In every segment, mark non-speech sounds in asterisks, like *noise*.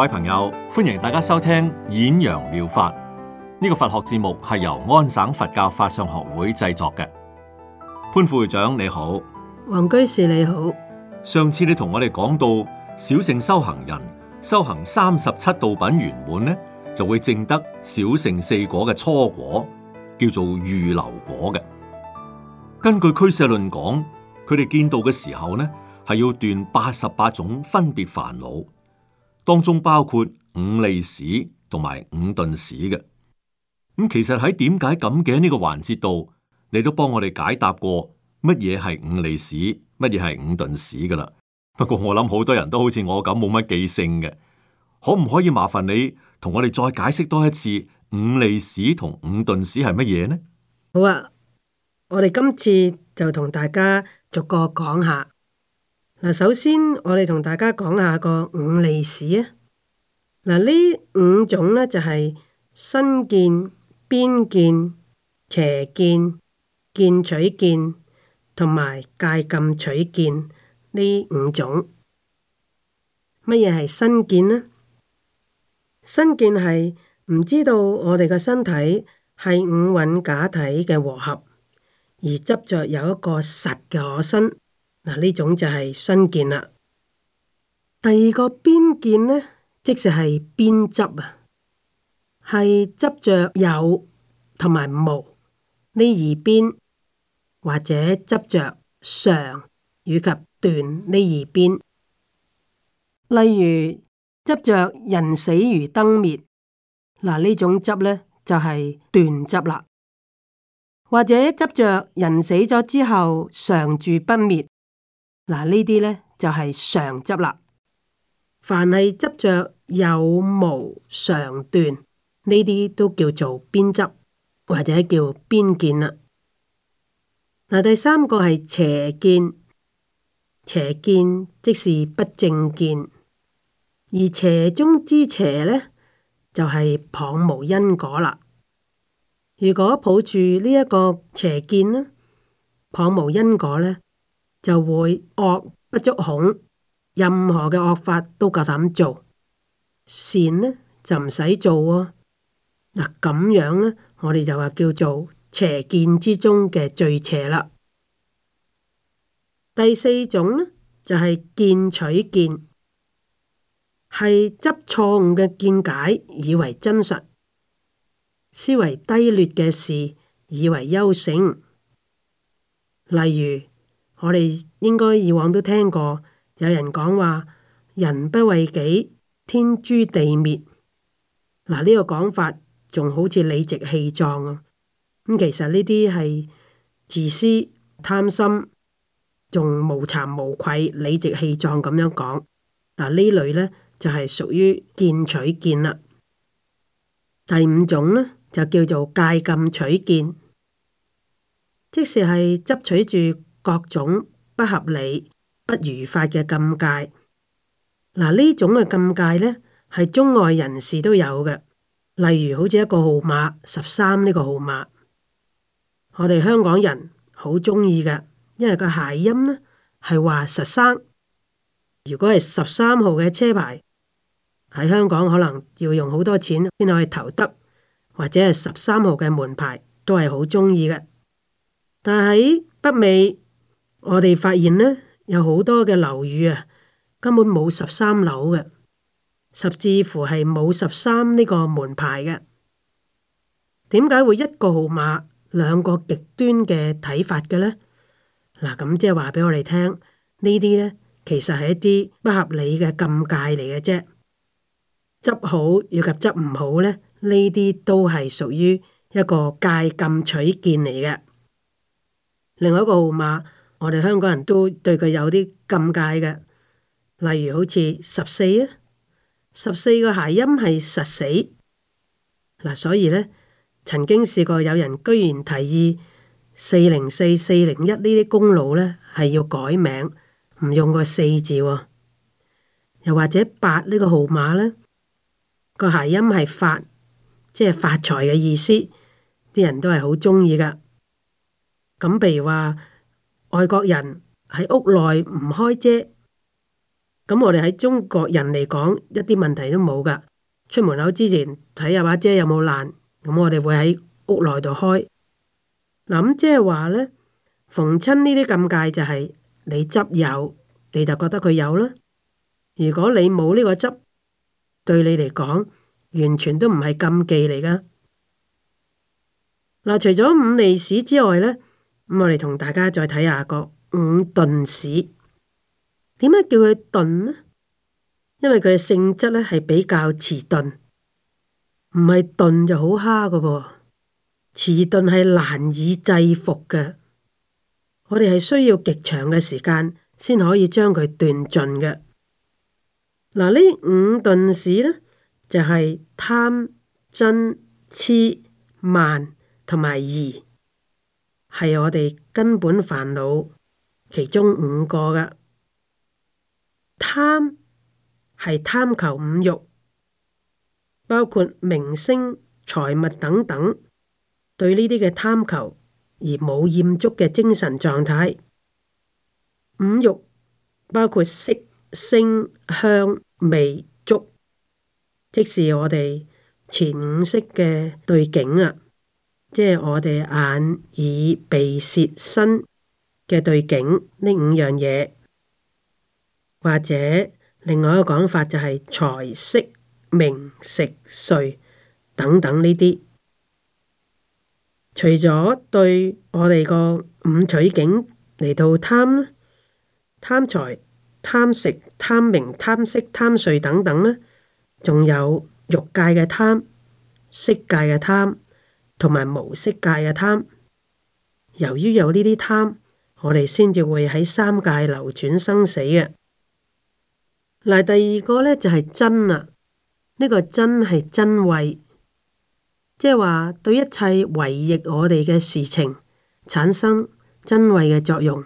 各位朋友，歡迎大家收聽演揚妙，妙法呢，這個佛學節目係由安省佛教法相學會製作嘅。潘副會長你好，黃居士你好。上次你同我哋講到小乘修行人修行三十七道品圓滿呢，就會證得小乘四果嘅初果，叫做預流果嘅。根據俱舍論講，佢哋見到嘅時候呢，係要斷八十八種分別煩惱。當中包括五利使同埋五鈍使嘅，咁其實喺點解咁嘅呢個環節度，你都幫我哋解答過乜嘢係五利使，乜嘢係五鈍使㗎喇。不過我諗好多人都好似我咁冇乜記性嘅，可唔可以麻煩你同我哋再解釋多一次五利使同五鈍使係乜嘢呢？好啊，我哋今次就同大家逐個講下。嗱，首先我哋同大家講下個五利使啊！嗱，呢五種咧就係身見、邊見、邪見、見取見同埋戒禁取見呢五種。乜嘢係身見呢？身見係唔知道我哋個身體係五蘊假體嘅和合，而執着有一個實嘅可身。嗱，呢種就係身見啦。第二個邊見呢，即係邊執啊，係執着有同埋無呢二邊，或者執着常以及斷呢二邊。例如執着人死如燈滅，嗱，呢種執呢，就係斷執啦。或者執着人死咗之後常住不滅。嗱，呢啲呢就係常執啦。凡係執着有無常斷呢啲，都叫做邊執或者叫邊見啦。嗱，第三個係邪見，邪見即是不正見，而邪中之邪呢，就係、是、撥無因果啦。如果抱住呢一個邪見呢，撥無因果呢，就會惡不足恐，任何嘅惡法都夠膽做，善呢就唔使做喎，哦。嗱咁樣呢，我哋就話叫做邪見之中嘅最邪啦。第四種呢，就係、是、見取見，係執錯誤嘅見解以為真實，思維低劣嘅事以為優勝，例如，我哋應該以往都聽過，有人講話人不為己，天誅地滅。嗱、這、呢個講法仲好似理直氣壯啊！咁其實呢啲係自私、貪心，仲無慚無愧、理直氣壯咁樣講。嗱呢類呢就係屬於見取見啦。第五種呢就叫做戒禁取見，即使係執取住。各種不合理、不如法嘅禁戒，嗱呢種嘅禁戒呢，係中外人士都有嘅。例如好似一個號碼十三呢個號碼，我哋香港人好中意嘅，因為個諧音呢係話十三。如果係十三號嘅車牌喺香港，可能要用好多錢先可以投得，或者係十三號嘅門牌都係好中意嘅。但喺北美。我哋發現呢，有好多嘅樓宇啊，根本冇十三樓嘅，甚至乎係冇十三呢個門牌嘅。點解會一個號碼兩個極端嘅睇法嘅呢？嗱，咁即係話俾我哋聽，呢啲呢其實係一啲不合理嘅禁戒嚟嘅啫。執好以及執唔好呢，呢啲都係屬於一個戒禁取見嚟嘅。另外一個號碼。我哋香港人都對佢有啲尷尬嘅，例如好似十四啊，十四個諧音係實死，嗱所以呢，曾經試過有人居然提議四零四、四零一呢啲公路呢係要改名，唔用個四字喎、哦，又或者八呢個號碼呢，個諧音係發，即係發財嘅意思，啲人都係好中意㗎，咁譬如話。外國人喺屋內唔開遮，咁我哋喺中國人嚟講，一啲問題都冇噶。出門口之前睇下把遮有冇爛，咁我哋會喺屋內度開。嗱，咁即係話呢，逢親呢啲禁忌就係、是、你執有，你就覺得佢有啦。如果你冇呢個執，對你嚟講完全都唔係禁忌嚟噶。嗱、嗯，除咗五利使之外呢。咁我哋同大家再睇下個五鈍使，點解叫佢鈍呢？因為佢嘅性質咧係比較遲鈍，唔係鈍就好蝦噶噃遲鈍係難以制服嘅，我哋係需要極長嘅時間先可以將佢斷盡嘅。嗱，五呢五鈍使咧就係、是、貪、瞋、痴、慢同埋疑。係我哋根本煩惱其中五個嘅，貪係貪求五欲，包括名聲、財物等等，對呢啲嘅貪求而冇厭足嘅精神狀態。五欲包括色、聲、香、味、觸，即是我哋前五識嘅對境啊。即係我哋眼、耳、鼻、舌、身嘅對境，呢五樣嘢，或者另外一個講法就係財、色、名、食、睡等等呢啲。除咗對我哋個五取境嚟到貪，貪財、貪食、貪名、貪色、貪睡等等呢，仲有欲界嘅貪、色界嘅貪。同埋無色界嘅貪，由於有呢啲貪，我哋先至會喺三界流轉生死嘅。嗱，第二個呢，就係、是、瞋啦，呢、這個瞋係瞋恚，即係話對一切違逆我哋嘅事情產生瞋恚嘅作用。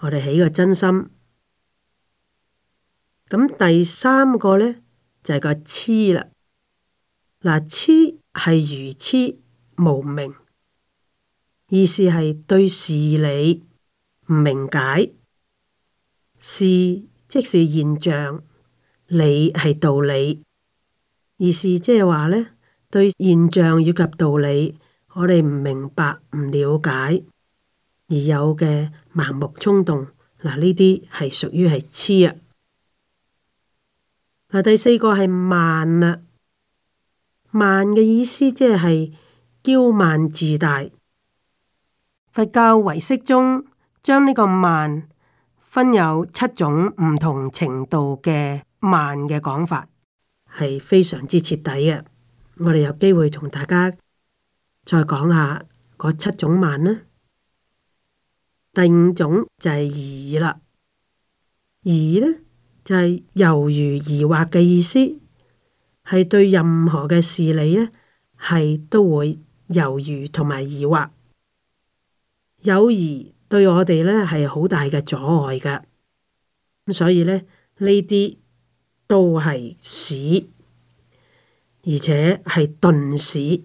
我哋起個瞋心，咁第三個呢，就係、是、個痴啦，嗱，痴。係愚痴無明，意思係對事理唔明解。事即是現象，理係道理，意思即係話呢對現象以及道理，我哋唔明白、唔了解，而有嘅盲目衝動，嗱呢啲係屬於係痴啊。嗱，第四個係慢啦。慢嘅意思即係驕慢自大。佛教遺釋中將呢個慢分有七種唔同程度嘅慢嘅講法，係非常之徹底嘅。我哋有機會同大家再講下嗰七種慢呢。第五種就係疑啦，疑呢，就係、是、猶豫疑惑嘅意思。係對任何嘅事理呢，係都會猶豫同埋疑惑，有疑對我哋呢係好大嘅阻礙噶。咁所以呢，呢啲都係使，而且係鈍使，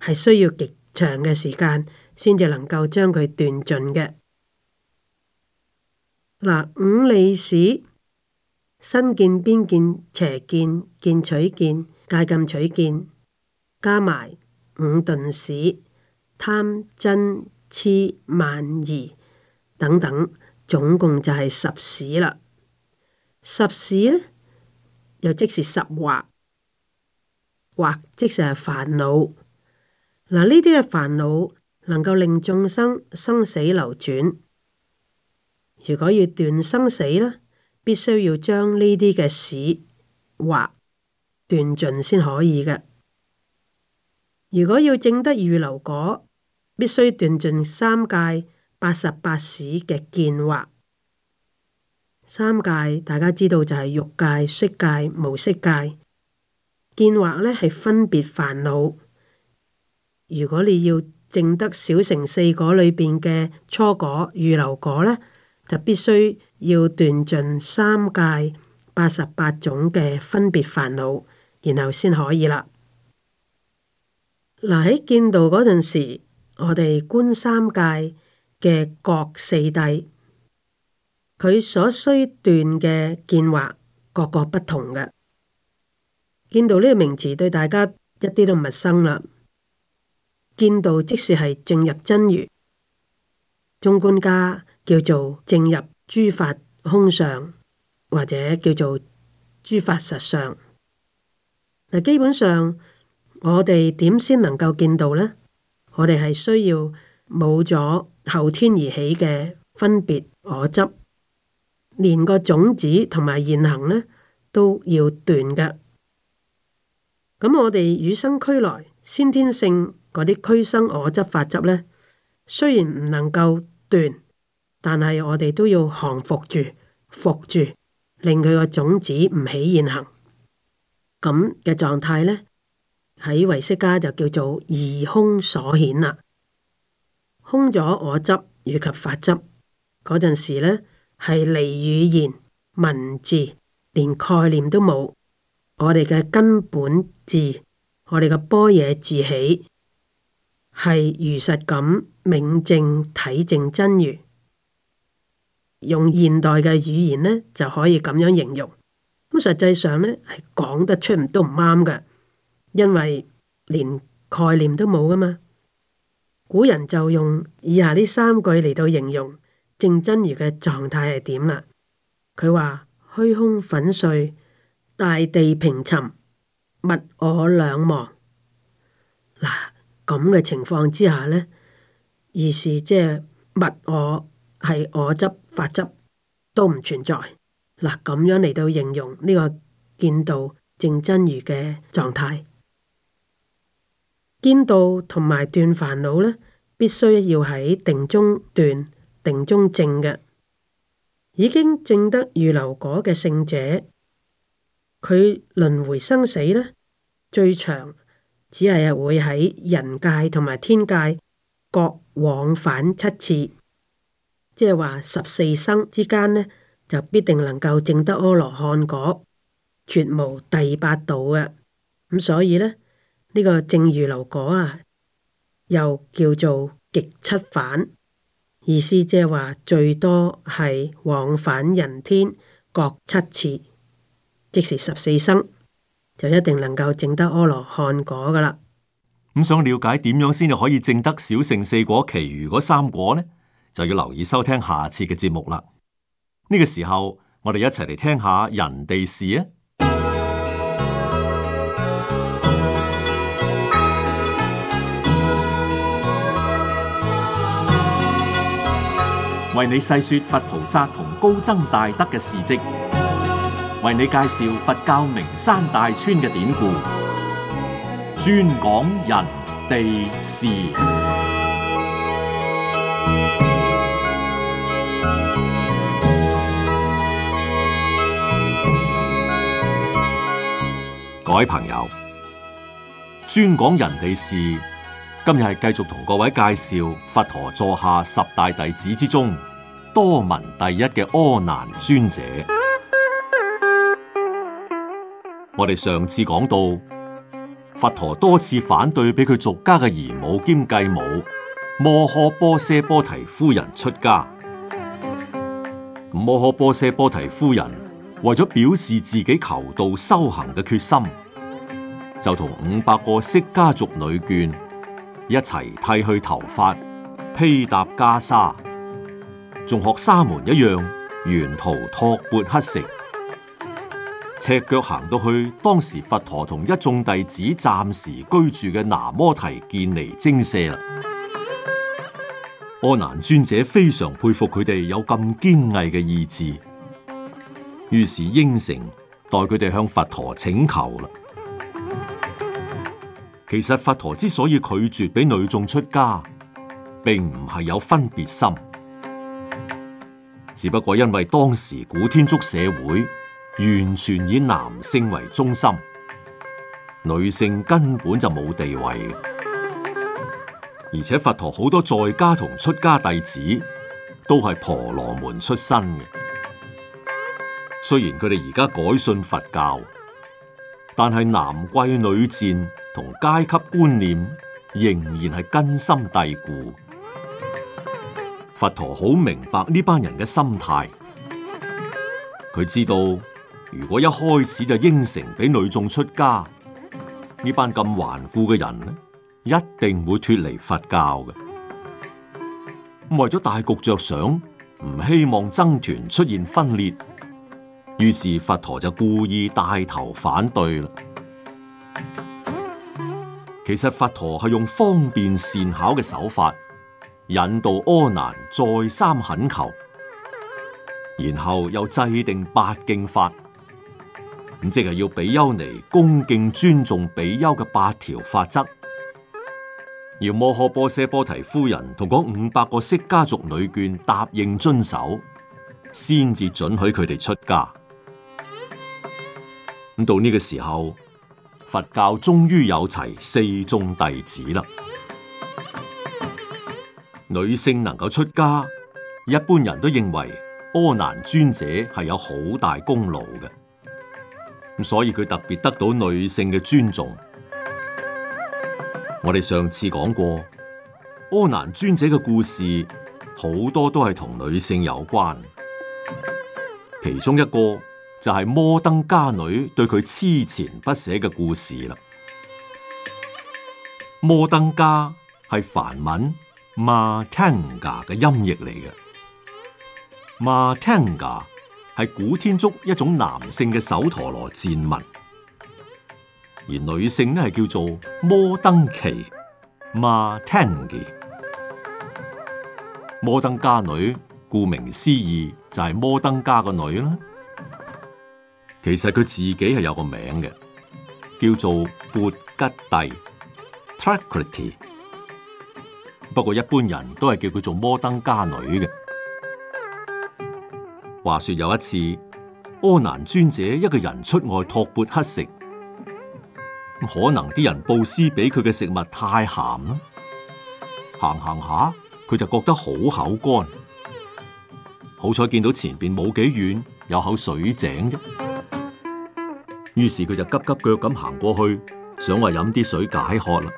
係需要極長嘅時間先至能夠將佢斷盡嘅。嗱，五利使。身見、邊見、邪見、見取見、戒禁取見，加埋五鈍使、貪、嗔、痴、慢、疑等等，總共就係十使啦。十使咧，又即是十惑，惑即係煩惱。嗱，呢啲嘅煩惱能夠令眾生生死流轉。如果要斷生死咧？必須要將呢啲嘅見惑斷盡先可以嘅。如果要證得預流果，必須斷盡三界八十八使嘅見惑。三界大家知道就係欲界、色界、無色界。見惑呢係分別煩惱。如果你要證得小乘四果裏邊嘅初果、預流果咧。就必須要斷盡三界八十八種嘅分別煩惱，然後先可以喇。嗱，喺見道嗰陣時，我哋觀三界嘅各四諦，佢所需斷嘅見惑各各不同嘅。見道呢個名詞對大家一啲都唔陌生啦。見道即是係進入真如中觀家。叫做正入諸法空相，或者叫做諸法實相。嗱，基本上我哋點先能夠見到呢？我哋係需要冇咗後天而起嘅分別我執，連個種子同埋現行呢都要斷嘅。咁我哋與生俱來先天性嗰啲俱生我執法執呢，雖然唔能夠斷。但係我哋都要降服住、服住，令佢個種子唔起現行咁嘅狀態呢，喺維識家就叫做二空所顯啦。空咗我執以及法執嗰陣時呢，係離語言文字，連概念都冇。我哋嘅根本字，我哋嘅波嘢字起，係如實咁明正體正真如。用現代嘅語言呢，就可以咁樣形容，咁實際上呢係講得出唔都唔啱嘅，因為連概念都冇噶嘛。古人就用以下呢三句嚟到形容正真如嘅狀態係點啦。佢話，虛空粉碎，大地平沉，物我兩忘。嗱咁嘅情況之下呢，而、就是即係物我，係我執、法執都唔存在嗱，咁樣嚟到形容呢個見到證真如嘅狀態，見道同埋斷煩惱呢，必須要喺定中斷、定中證嘅，已經證得預流果嘅聖者，佢輪回生死呢，最長只係會喺人界同埋天界各往返七次。即係話十四生之間呢，就必定能夠證得阿羅漢果，絕無第八道嘅。咁、嗯、所以呢，呢、這個證預流果啊，又叫做極七返，意思即係話最多係往返人天各七次，即是十四生就一定能夠證得阿羅漢果噶啦。咁、嗯、想了解點樣先至可以證得小乘四果，其餘嗰三果呢？就要留意收聽下次嘅節目啦！呢個時候，我哋一齊嚟聽下人哋事啊！為你細說佛菩薩同高僧大德嘅事跡，為你介紹佛教名山大川嘅典故，專講人哋事。各位朋友，專講人哋事，今日係繼續同各位介紹佛陀座下十大弟子之中多聞第一嘅阿難尊者。 *music* 我哋上次講到，佛陀多次反對俾佢俗家嘅姨母兼繼母摩訶波奢波提夫人出家。摩訶波奢波提夫人，為咗表示自己求道修行嘅決心，就同五百個釋迦族女眷一齊剃去頭髮，披搭袈裟，仲學沙門一樣，沿途托缽乞食，赤腳行到去當時佛陀同一眾弟子暫時居住嘅拿摩提建尼精舍啦。阿難尊者非常佩服佢哋有咁堅毅嘅意志。於是應承，代佢哋向佛陀請求啦。其實佛陀之所以拒絕俾女眾出家，並唔係有分別心，只不過因為當時古天竺社會完全以男性為中心，女性根本就冇地位，而且佛陀好多在家同出家弟子都係婆羅門出身嘅。雖然佢哋而家改信佛教，但係男貴女賤同階級觀念仍然係根深蒂固。佛陀好明白呢班人嘅心態，佢知道如果一開始就應承俾女眾出家，呢班咁頑固嘅人呢，一定會脫離佛教嘅。為咗大局着想，唔希望僧團出現分裂。於是佛陀就故意帶頭反對啦。其實佛陀係用方便善巧嘅手法，引導阿難再三懇求，然後又制定八敬法。咁即係要比丘尼恭敬尊重比丘嘅八條法則，要摩訶波闍波提夫人同嗰五百個釋迦族女眷答應遵守，先至准許佢哋出家。到呢個時候，佛教終於有齊四宗弟子啦。女性能夠出家，一般人都認為柯南尊者係有好大功勞嘅，所以佢特別得到女性嘅尊重。我哋上次講過柯南尊者嘅故事，好多都係同女性有關，其中一個就係摩登伽女對佢痴纏不捨嘅故事啦。摩登伽係梵文 matanga 嘅音譯嚟嘅，matanga 係古天竺一種男性嘅首陀羅戰物，而女性呢係叫做摩登奇 matangi。摩登伽女顧名思義就係摩登伽個女啦。其實佢自己係有個名嘅，叫做缽吉帝 Prakriti 不過一般人都係叫佢做摩登伽女嘅。話說有一次，阿難尊者一個人出外托缽乞食，可能啲人布施俾佢嘅食物太鹹啦，行行下佢就覺得好口乾，好彩見到前邊冇幾遠有口水井啫。於是佢就急急腳咁行過去，想話飲啲水解渴啦。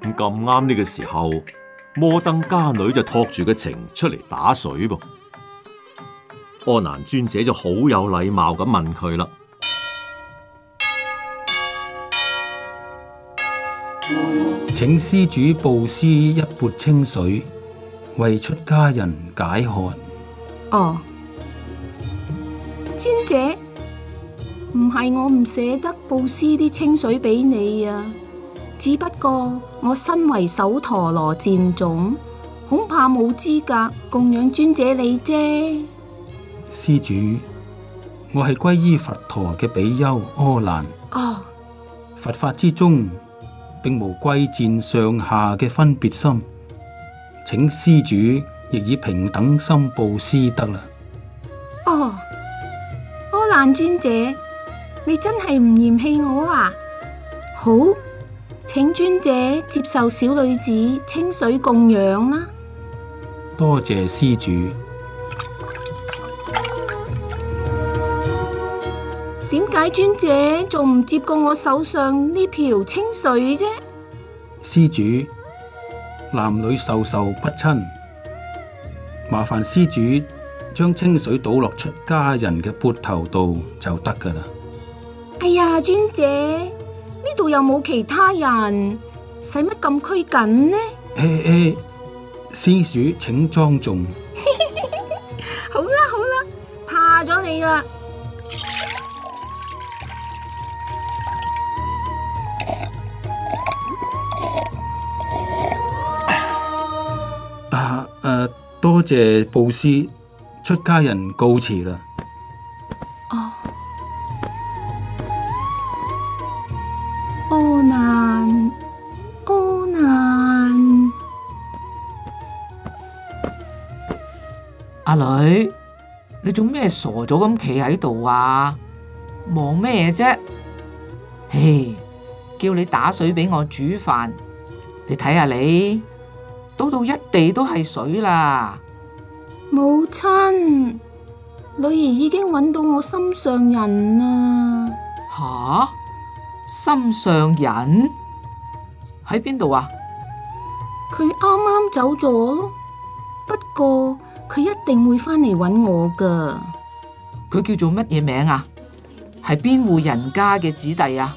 咁咁啱呢個時候，摩登伽女就托住個情出嚟打水噃。阿難尊者就好有禮貌咁問佢啦：請施主布施一缽清水，為出家人解渴。哦，尊者。唔係我唔捨得布施啲清水俾你啊，只不過我身為首陀羅賤種，恐怕冇資格供養尊者你啫。施主，我係皈依佛陀嘅比丘阿難。哦。佛法之中，並無貴賤上下嘅分別心，請施主亦以平等心布施得啦。哦，阿難尊者。你真係唔嫌棄我啊！好，請尊者接受小女子清水供養啦。多謝施主。點解尊者仲唔接過我手上呢瓢清水啫？施主，男女授受不親，麻煩施主將清水倒落出家人嘅缽頭度就得噶啦。哎呀，尊者，呢度又冇其他人，使乜咁拘謹呢？嘿嘿、哎，哎，施主請莊重。 *laughs* 好啦好啦，怕咗你啦 *laughs* 、啊。啊誒，多謝布施，出家人告辭啦。女，你做咩傻咗咁企喺度啊？忙咩啫？嘿，叫你打水俾我煮飯，你睇下你倒到一地都係水啦！母親，女兒已經揾到我心上人啦！吓，心上人喺邊度啊？佢啱啱走咗咯，不過，佢一定會翻嚟搵我噶佢叫做乜嘢名啊？係邊戶人家嘅子弟啊？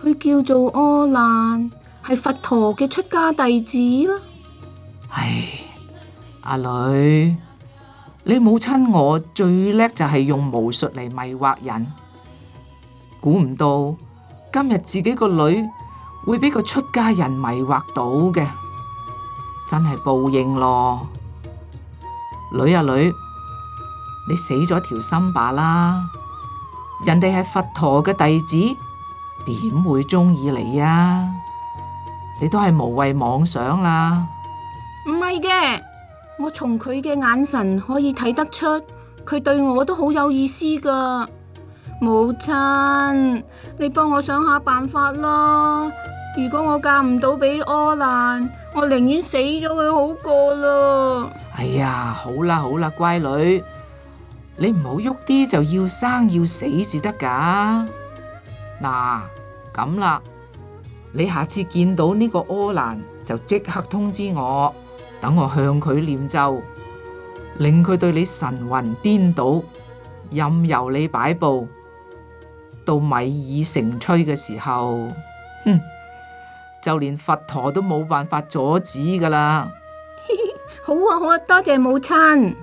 佢叫做柯難，係佛陀嘅出家弟子啦。唉，阿女，你母親我最叻就係用巫術嚟迷惑人。估唔到今日自己個女會俾個出家人迷惑到嘅，真係報應咯。女啊女，你死咗條心罷啦！人哋係佛陀嘅弟子，點會中意你呀？你都係無謂妄想啦！唔係嘅，我從佢嘅眼神可以睇得出，佢對我都好有意思噶。母親，你幫我想下辦法啦！如果我嫁唔到俾柯蘭，我寧願死咗佢好過啦。哎呀，好啦好啦，乖女，你唔好喐啲就要生要死至得噶。嗱、啊，咁啦，你下次見到呢個柯蘭就即刻通知我，等我向佢念咒，令佢對你神魂顛倒，任由你擺佈。到米已成炊嘅時候，哼！就連佛陀都冇辦法阻止㗎喇！ *laughs* 好啊好啊，多謝母親。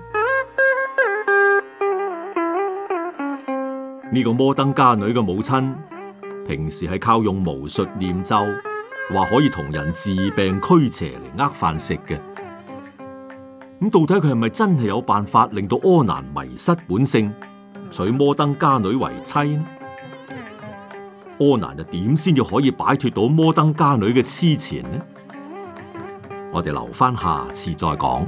呢個摩登伽女嘅母親，平時係靠用巫術念咒，話可以同人治病驅邪嚟呃飯食嘅。咁、嗯、到底佢係咪真係有辦法令到阿難迷失本性，娶摩登伽女為妻呢？阿難又點先至可以擺脫到摩登伽女嘅痴纏呢？嗯嗯、我哋留翻下，下次再講。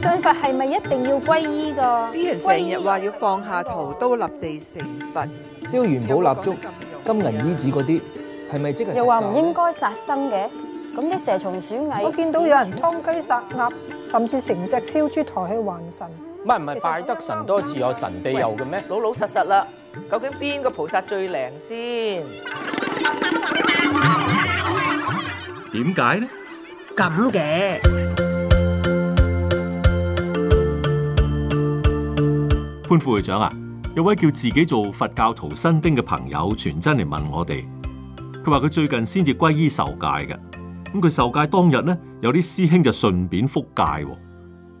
信佛係咪一定要皈依噶？啲人成日話要放下屠刀，立地成佛，燒元寶蠟燭、金銀衣紙嗰啲，係咪、嗯、即係？又話唔應該殺生嘅，咁啲蛇蟲鼠蟻，我見到有人劏雞殺鴨，嗯、甚至成隻燒豬抬去還神。唔係唔係，拜得神多自有神庇佑嘅咩？老、老老實實啦。究竟邊個菩薩最靈先？點解呢？咁嘅潘副會長啊，有位叫自己做佛教徒新丁嘅朋友傳真嚟問我哋，佢話佢最近先至歸依受戒嘅，咁佢受戒當日呢，有啲師兄就順便覆戒，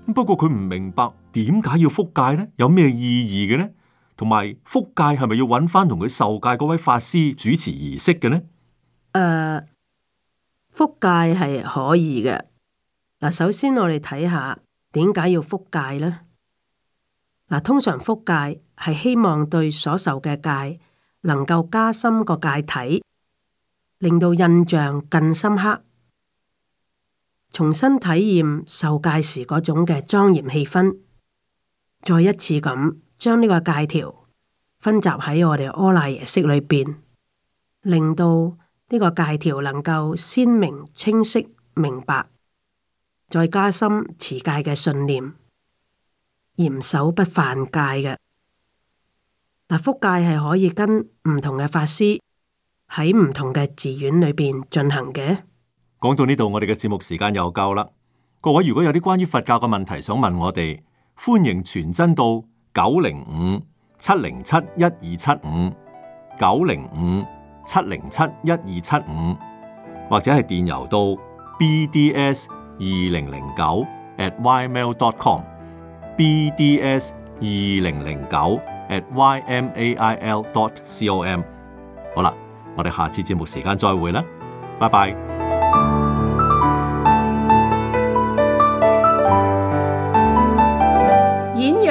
咁不過佢唔明白點解要覆戒呢，有咩意義嘅呢？同埋復戒係咪要搵翻同佢受戒嗰位法師主持儀式嘅呢？誒，復戒係可以嘅。嗱，首先我哋睇下點解要複戒呢？嗱，通常複戒係希望對所受嘅戒能夠加深個戒體，令到印象更深刻，重新體驗受戒時嗰種嘅莊嚴氣氛，再一次咁。將呢個戒條分集喺我哋阿賴耶識裏邊，令到呢個戒條能夠鮮明、清晰、明白，再加深持戒嘅信念，嚴守不犯戒嘅嗱。複戒係可以跟唔同嘅法師喺唔同嘅寺院裏邊進行嘅。講到呢度，我哋嘅節目時間又夠啦。各位如果有啲關於佛教嘅問題想問我哋，歡迎傳真到。九零五七零七一二七五，九零五七零七一二七五，75, 75，或者係電郵到 bds 二零零九 atymail.com，bds 二零零九 atymail.com。好啦，我哋下次節目時間再會啦，拜拜。